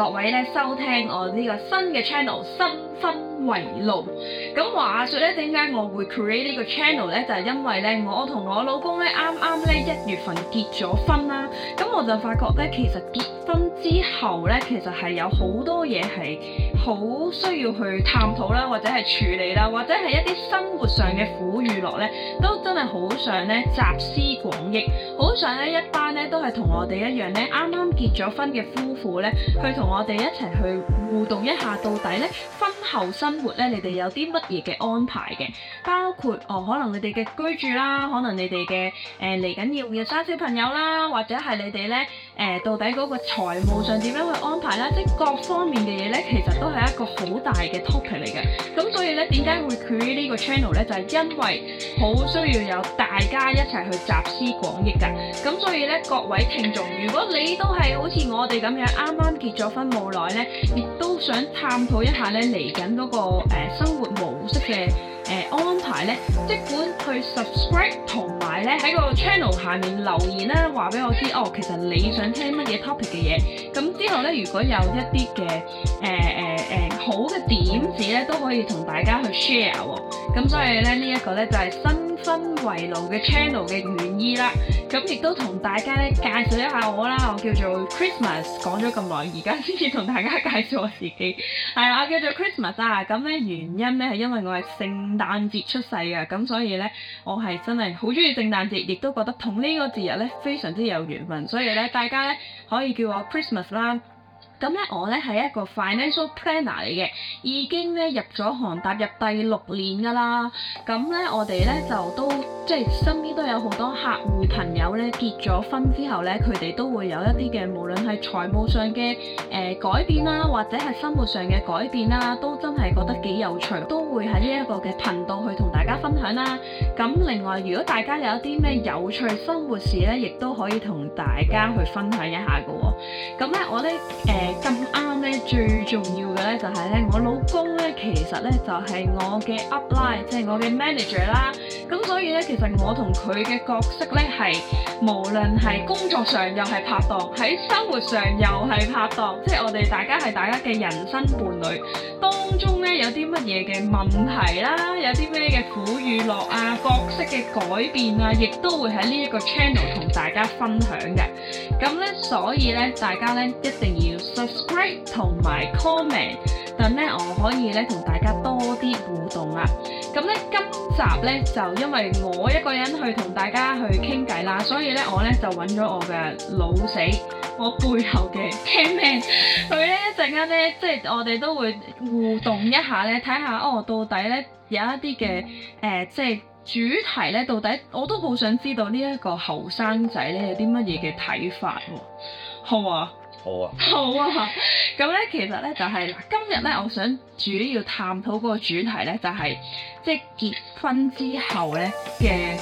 各位咧收聽我呢個新嘅 channel 新婚圍爐。咁話說咧點解我會 create 呢個 channel 咧？就係因為咧我同我老公咧啱啱咧一月份結咗婚啦，咁我就發覺咧其實結婚之後咧其實係有好多嘢係好需要去探討啦，或者係處理啦，或者係一啲生活上嘅苦與樂咧，都真係好想咧集思廣益，好想咧一班咧都係同我哋一樣咧啱啱結咗婚嘅夫婦咧，去同我哋一齊去互動一下到底咧婚後生活咧，你哋有啲乜嘢嘅安排嘅？包括哦，可能你哋嘅居住啦，可能你哋嘅誒嚟緊要唔要生小朋友啦，或者係你哋咧。誒、呃、到底嗰個財務上點樣去安排啦、啊？即係各方面嘅嘢咧，其實都係一個好大嘅 topic 嚟嘅。咁所以咧，點解會開呢個 channel 咧？就係、是、因為好需要有大家一齊去集思廣益㗎。咁所以咧，各位聽眾，如果你都係好似我哋咁樣啱啱結咗婚冇耐咧，亦都想探討一下咧嚟緊嗰個、呃、生活模式嘅。誒、呃、安排咧，即管去 subscribe 同埋咧喺個 channel 下面留言啦，話俾我知哦，其實你想聽乜嘢 topic 嘅嘢。咁之後咧，如果有一啲嘅誒誒誒好嘅點子咧，都可以同大家去 share 喎。咁所以咧，這個、呢一個咧就係、是、新。分圍爐嘅 channel 嘅原意啦，咁亦都同大家咧介紹一下我啦，我叫做 Christmas，講咗咁耐，而家先至同大家介紹我自己，係 啊，我叫做 Christmas 啊，咁咧原因咧係因為我係聖誕節出世嘅，咁所以咧我係真係好中意聖誕節，亦都覺得同個呢個節日咧非常之有緣分，所以咧大家咧可以叫我 Christmas 啦。咁咧、嗯，我咧係一個 financial planner 嚟嘅，已經咧入咗行踏入第六年噶啦。咁、嗯、咧，我哋咧就都即係身邊都有好多客戶朋友咧結咗婚之後咧，佢哋都會有一啲嘅無論係財務上嘅誒、呃、改變啦、啊，或者係生活上嘅改變啦、啊，都真係覺得幾有趣，都會喺呢一個嘅頻道去同大家分享啦、啊。咁、嗯、另外，如果大家有一啲咩有趣生活事咧，亦都可以同大家去分享一下噶、啊、喎。咁、嗯、咧、嗯，我咧誒。呃咁啱咧，最重要嘅咧就係咧，我老公咧其實咧就係我嘅 upline，即係我嘅 manager 啦。咁所以咧，其實我同佢嘅角色咧係無論係工作上又係拍檔，喺生活上又係拍檔，即係我哋大家係大家嘅人生伴侶，當中咧有啲乜嘢嘅問題啦，有啲咩嘅苦與樂啊，角色嘅改變啊，亦都會喺呢一個 channel 同大家分享嘅。咁咧，所以咧，大家咧一定要～同埋 comment，等咧我可以咧同大家多啲互動啊！咁咧今集咧就因為我一個人去同大家去傾偈啦，所以咧我咧就揾咗我嘅老死，我背後嘅 cameraman 佢咧一陣間咧即係我哋都會互動一下咧，睇下哦到底咧有一啲嘅誒即係主題咧到底我都好想知道呢一個後生仔咧有啲乜嘢嘅睇法喎、哦，好啊！好啊，好啊，咁咧其實咧就係嗱，今日咧我想主要探討嗰個主題咧就係即係結婚之後咧嘅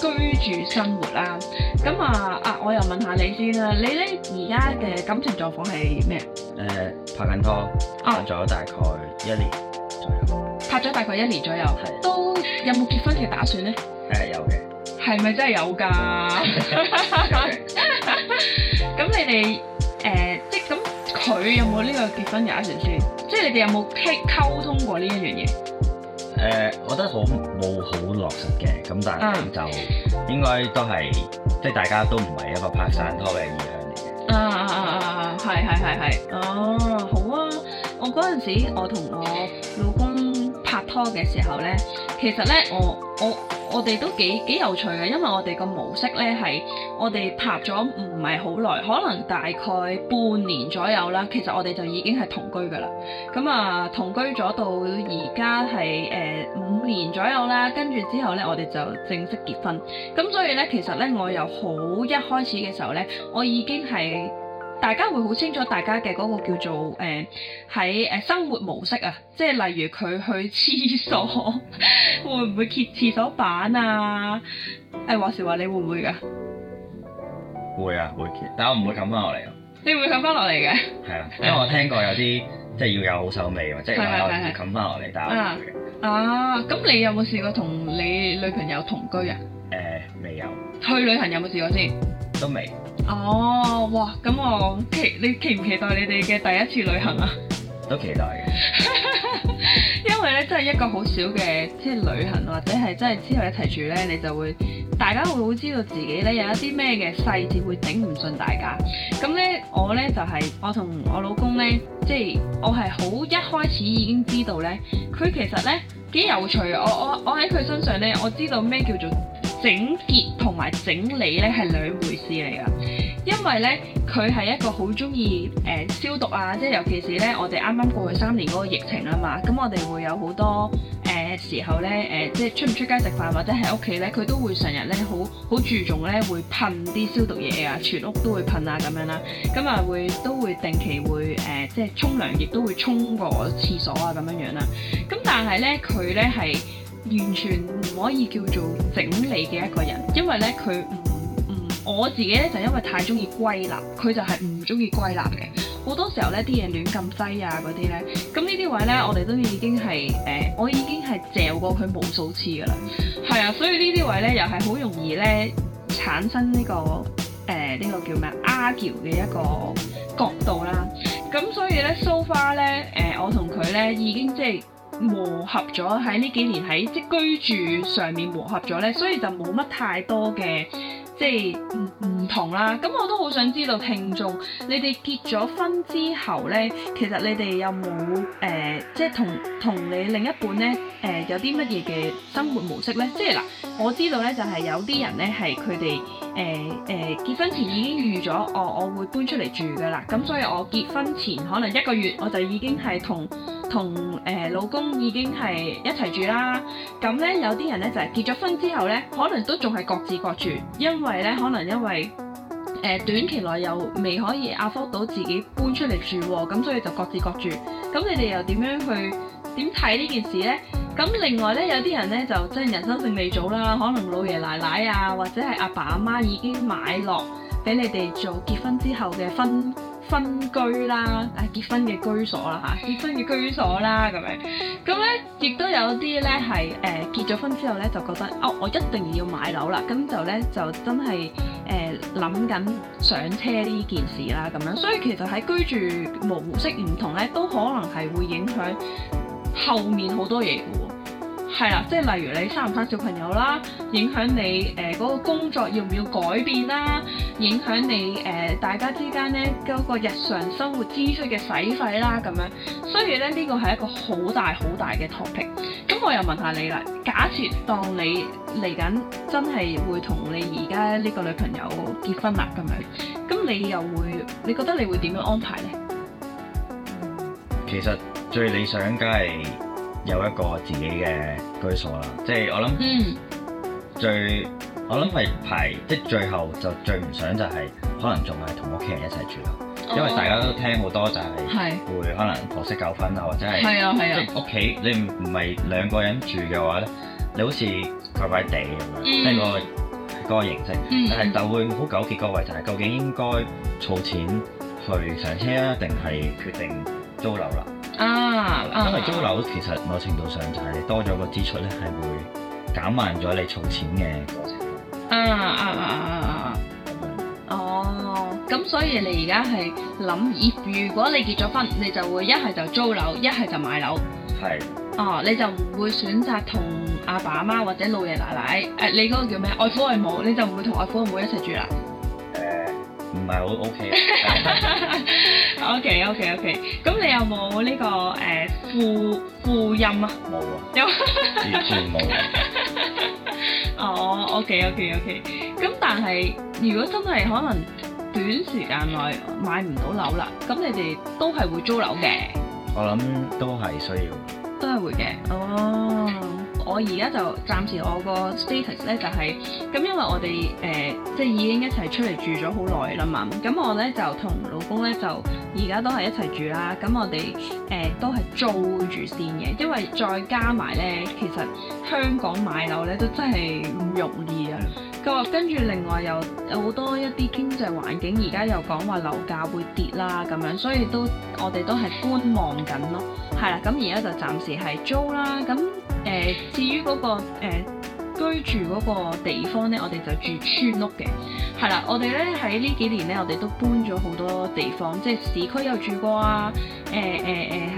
誒居住生活啦。咁啊啊，我又問下你先啦，你咧而家嘅感情狀況係咩？誒、呃，拍緊拖，拍咗大概一年左右，啊、拍咗大概一年左右，係都有冇結婚嘅打算咧？誒、呃，有嘅，係咪真係有噶？咁 你哋？誒、呃，即咁佢有冇呢個結婚打算先？即係你哋有冇溝通過呢一樣嘢？誒、呃，我覺得好冇好落實嘅，咁但係就、啊、應該都係即係大家都唔係一個拍散拖嘅意向嚟嘅。啊啊啊啊啊！係係係係哦，好啊！我嗰陣時我同我老公拍拖嘅時候咧，其實咧我我。我我哋都幾幾有趣嘅，因為我哋個模式咧係我哋拍咗唔係好耐，可能大概半年左右啦。其實我哋就已經係同居噶啦。咁啊，同居咗到而家係誒五年左右啦。跟住之後咧，我哋就正式結婚。咁所以咧，其實咧我由好一開始嘅時候咧，我已經係。大家會好清楚大家嘅嗰個叫做誒喺誒生活模式啊，即係例如佢去廁所， 會唔會揭廁所板啊？誒、哎、話時話你會唔會㗎？會啊，會揭，但我唔會冚翻落嚟啊。你唔會冚翻落嚟嘅？係啊，因為我聽過有啲即係要有好手尾或者係話我會冚翻落嚟，但係啊啊，咁你有冇試過同你女朋友同居啊？誒、呃，未有。去旅行有冇試過先？都未。哦，oh，哇！咁我期你期唔期待你哋嘅第一次旅行啊？都期待嘅， 因為咧，真係一個好少嘅即係旅行，或者係真係之後一齊住咧，你就會大家會好知道自己咧有一啲咩嘅細節會頂唔順大家。咁咧我咧就係我同我老公咧，即係我係好一開始已經知道咧，佢其實咧幾有趣。我我我喺佢身上咧，我知道咩叫做。整潔同埋整理呢係兩回事嚟噶，因為呢，佢係一個好中意誒消毒啊，即係尤其是呢，我哋啱啱過去三年嗰個疫情啊嘛，咁我哋會有好多誒、呃、時候呢，誒、呃，即係出唔出街食飯或者喺屋企呢，佢都會成日呢，好好注重呢，會噴啲消毒嘢啊，全屋都會噴啊咁樣啦、啊，咁啊會都會定期會誒、呃、即係沖涼，亦都會沖個廁所啊咁樣啊樣啦、啊，咁但係呢，佢呢係，完全唔可以叫做整理嘅一個人，因為呢，佢唔唔，我自己呢，就是、因為太中意歸納，佢就係唔中意歸納嘅。好多時候呢啲嘢亂咁擠啊嗰啲呢，咁呢啲位呢，我哋都已經係誒、呃，我已經係嚼過佢無數次噶啦。係啊，所以呢啲位呢，又係好容易呢產生呢、這個誒呢、呃這個叫咩啊 argue 嘅一個角度啦。咁所以呢咧蘇花咧誒，我同佢呢已經即、就、係、是。磨合咗，喺呢幾年喺即居住上面磨合咗呢，所以就冇乜太多嘅即唔唔同啦。咁我都好想知道聽眾，你哋結咗婚之後呢，其實你哋有冇誒、呃、即同同你另一半呢，誒、呃、有啲乜嘢嘅生活模式呢？即嗱，我知道呢，就係、是、有啲人呢，係佢哋誒誒結婚前已經預咗，我我會搬出嚟住㗎喇。咁所以我結婚前可能一個月我就已經係同。同誒、呃、老公已經係一齊住啦，咁咧有啲人咧就係、是、結咗婚之後咧，可能都仲係各自各住，因為咧可能因為誒、呃、短期內又未可以壓伏到自己搬出嚟住啊，咁所以就各自各住。咁你哋又點樣去點睇呢件事咧？咁另外咧有啲人咧就真係人生勝利組啦，可能老爺奶奶啊或者係阿爸阿媽已經買落俾你哋做結婚之後嘅婚。分居啦，唉，結婚嘅居所啦嚇、呃，結婚嘅居所啦咁樣，咁咧亦都有啲咧係誒結咗婚之後咧就覺得哦，我一定要買樓啦，咁就咧就真係誒諗緊上車呢件事啦咁樣，所以其實喺居住模式唔同咧，都可能係會影響後面好多嘢嘅喎。係啦，即係例如你生唔生小朋友啦，影響你誒嗰個工作要唔要改變啦，影響你誒大家之間咧嗰個日常生活支出嘅使費啦咁樣，所以咧呢個係一個好大好大嘅 topic。咁我又問下你啦，假設當你嚟緊真係會同你而家呢個女朋友結婚啦咁樣，咁你又會，你覺得你會點樣安排咧？其實最理想梗係。有一個自己嘅居所啦，即係我諗最、嗯、我諗係排即係最後就最唔想就係可能仲係同屋企人一齊住啦，哦、因為大家都聽好多就係會可能婆媳糾紛啊或者係、啊啊、即係屋企你唔係兩個人住嘅話咧，嗯、你好似怪怪哋咁樣，呢、嗯嗰個嗰、嗰個形式，嗯、但係就會好糾結個位就係，究竟應該儲錢去上車啊，定係決定租樓啦？啊，因為租樓其實某、啊、程度上就係、是、你多咗個支出咧，係會減慢咗你儲錢嘅過程。啊、嗯、啊啊啊啊啊！哦，咁所以你而家係諗，如果你結咗婚，你就會一係就租樓，一係就買樓。係是。哦，你就唔會選擇同阿爸阿媽、媽或者老爺奶奶誒？你嗰個叫咩？外父外母，你就唔會同外父外母一齊住啦？誒、呃，唔係好 OK。 O K O K O K，咁你有冇呢個誒負負音啊？冇喎，完全冇。哦，O K O K O K，咁但係如果真係可能短時間內買唔到樓啦，咁你哋都係會租樓嘅。我諗都係需要，都係會嘅。哦、oh.，我而家就暫時我個 status 呢，就係、是、咁，因為我哋誒即係已經一齊出嚟住咗好耐啦嘛。咁我呢，就同老公呢，就而家都係一齊住啦。咁我哋誒、呃、都係租住先嘅，因為再加埋呢，其實香港買樓呢，都真係唔容易啊。佢跟住另外有有好多一啲經濟環境，而家又講話樓價會跌啦咁樣，所以都我哋都係觀望緊咯。係啦，咁而家就暫時係租啦。咁誒、呃、至於嗰、嗰個、呃、居住嗰個地方咧，我哋就住村屋嘅。係啦，我哋咧喺呢幾年咧，我哋都搬咗好多地方，即係市區有住過啊。誒誒誒，係、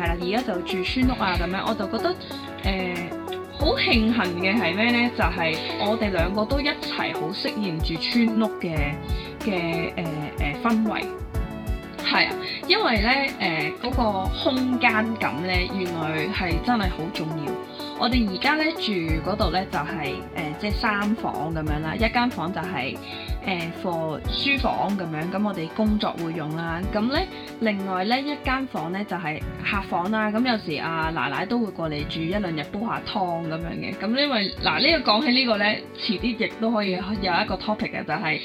呃、啦，而家就住村屋啊咁樣，我就覺得誒。呃好慶幸嘅係咩呢？就係我哋兩個都一齊好適應住村屋嘅嘅誒誒氛圍。係啊，因為咧誒嗰個空間感咧，原來係真係好重要。我哋而家咧住嗰度咧就係誒即係三房咁樣啦，一間房就係誒 for 書房咁樣，咁我哋工作會用啦。咁咧另外咧一間房咧就係客房啦。咁有時啊奶奶都會過嚟住一兩日煲下湯咁樣嘅。咁因為嗱、呃這個、呢個講起呢個咧遲啲亦都可以有一個 topic 嘅、就係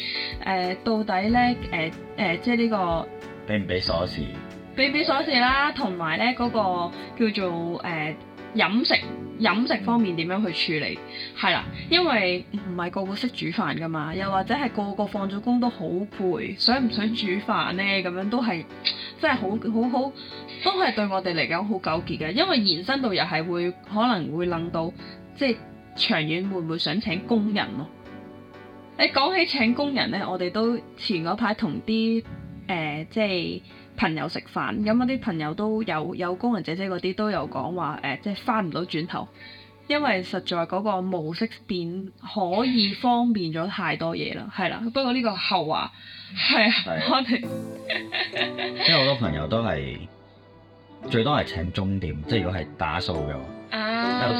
呃呃呃，就係誒到底咧誒誒即係呢個。俾唔俾鎖匙？俾唔俾鎖匙啦，同埋咧嗰個叫做誒、呃、飲食飲食方面點樣去處理？係啦，因為唔係個個識煮飯噶嘛，又或者係個個放咗工都好攰，想唔想煮飯咧？咁樣都係真係好好好，都係對我哋嚟講好糾結嘅，因為延伸到又係會可能會諗到，即係長遠會唔會想請工人咯？你講起請工人咧，我哋都前嗰排同啲。誒、呃、即係朋友食飯，咁、嗯、啲朋友都有有工人姐姐嗰啲，都有講話誒，即係返唔到轉頭，因為實在嗰個模式變可以方便咗太多嘢啦，係啦。不過呢個後話係啊，我哋的幫你 因為好多朋友都係 最多係請鐘點，即係如果係打掃嘅，有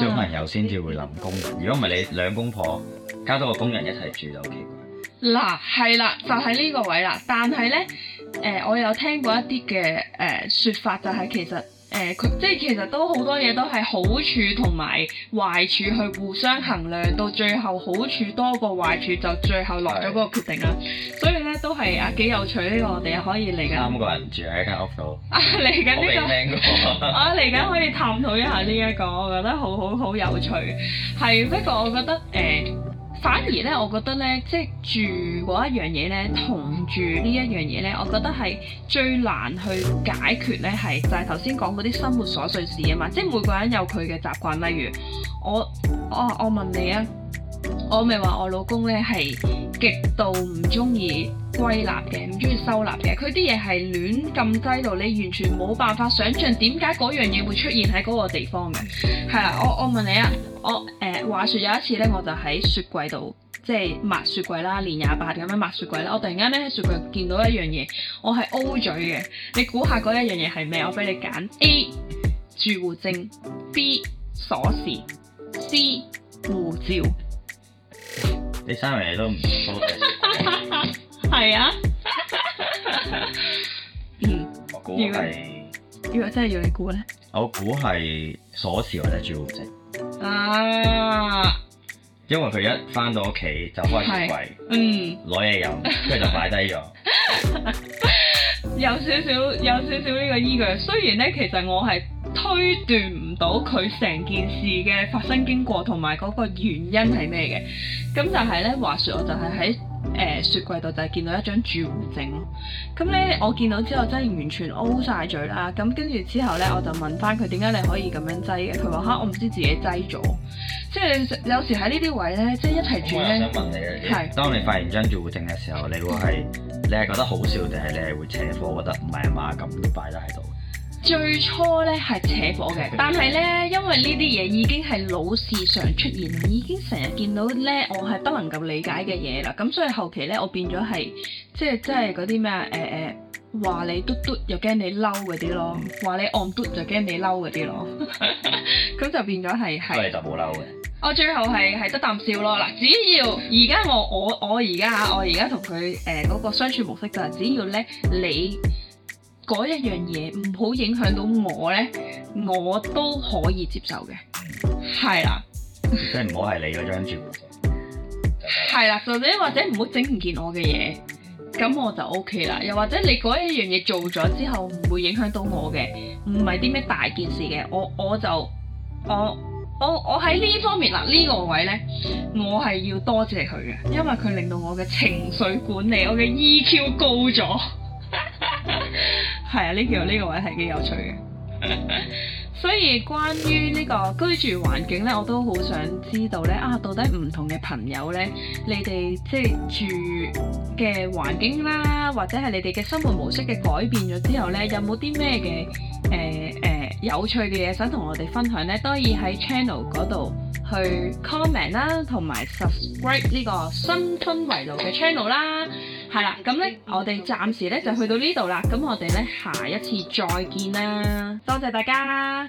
小、啊、朋友先至會揾工人。如果唔係你兩公婆加多個工人一齊住就奇怪。嗱，係啦，就喺呢個位啦。但係咧，誒，我有聽過一啲嘅誒説法，就係其實誒，佢即係其實都好多嘢都係好處同埋壞處去互相衡量，到最後好處多過壞處，就最後落咗嗰個決定啦。所以咧，都係啊，幾有趣呢個，我哋可以嚟緊。三個人住喺間屋度。啊，嚟緊呢個。我嚟緊可以探討一下呢一個，嗯、我覺得好好好有趣。係，不過我覺得誒。呃反而咧，我覺得咧，即係住嗰一樣嘢咧，同住呢一樣嘢咧，我覺得係最難去解決咧，係就係頭先講嗰啲生活瑣碎事啊嘛，即係每個人有佢嘅習慣，例如我，哦，我問你啊。我咪話我老公咧係極度唔中意歸納嘅，唔中意收納嘅。佢啲嘢係亂咁擠到你完全冇辦法想象點解嗰樣嘢會出現喺嗰個地方嘅。係啦，我我問你啊，我誒、呃、話說有一次咧，我就喺雪櫃度，即係抹雪櫃啦，年廿八咁樣抹雪櫃咧。我突然間咧喺雪櫃見到一樣嘢，我係 O 嘴嘅。你估下嗰一樣嘢係咩？我俾你揀 A 住戶證、B 鎖匙、C 護照。你三樣嘢都唔多大。係啊， 嗯，我估係，如果真係要你估咧，我估係鎖匙或者照匙，啊，因為佢一翻到屋企就開櫃，嗯，攞嘢飲，跟住就擺低咗，有少少有少少呢個依據，雖然咧其實我係。推斷唔到佢成件事嘅發生經過同埋嗰個原因係咩嘅？咁就係呢，話説，我就係喺誒雪櫃度就係見到一張住戶證。咁呢，我見到之後真係完全 O 晒嘴啦。咁跟住之後呢，我就問翻佢點解你可以咁樣擠嘅？佢話嚇我唔知自己擠咗，即係有時喺呢啲位呢，即係一齊住咧。係是。當你發現張住戶證嘅時候，你會係你係覺得好笑，定係你係會扯火？我覺得唔係啊嘛，咁都擺得喺度。最初咧係扯火嘅，但係咧因為呢啲嘢已經係老事常出現，已經成日見到咧，我係不能夠理解嘅嘢啦。咁所以後期咧，我變咗係即係即係嗰啲咩誒誒話你嘟嘟又驚你嬲嗰啲咯，話你按嘟就驚你嬲嗰啲咯。咁 就變咗係係，就冇嬲嘅。 我最後係係得啖笑咯。嗱，只要而家我我我而家吓，我而家同佢誒嗰個相處模式就係只要咧你。嗰一樣嘢唔好影響到我呢，我都可以接受嘅，係啦。即係唔好係你嗰張照，係啦，或者或者唔好整唔見我嘅嘢，咁我就 OK 啦。又或者你嗰一樣嘢做咗之後唔會影響到我嘅，唔係啲咩大件事嘅，我我就我我我喺呢方面嗱，呢、呢個位呢，我係要多謝佢嘅，因為佢令到我嘅情緒管理，我嘅 EQ 高咗。係啊，呢條呢個位係幾有趣嘅。 所以關於呢個居住環境咧，我都好想知道咧，啊到底唔同嘅朋友咧，你哋即係住嘅環境啦，或者係你哋嘅生活模式嘅改變咗之後咧，有冇啲咩嘅誒誒有趣嘅嘢想同我哋分享咧？都可以喺 channel 嗰度去 comment 啦，同埋 subscribe 呢個新婚圍爐嘅 channel 啦。係啦，咁咧，我哋暫時咧就去到呢度啦，咁我哋咧下一次再見啦，多謝大家。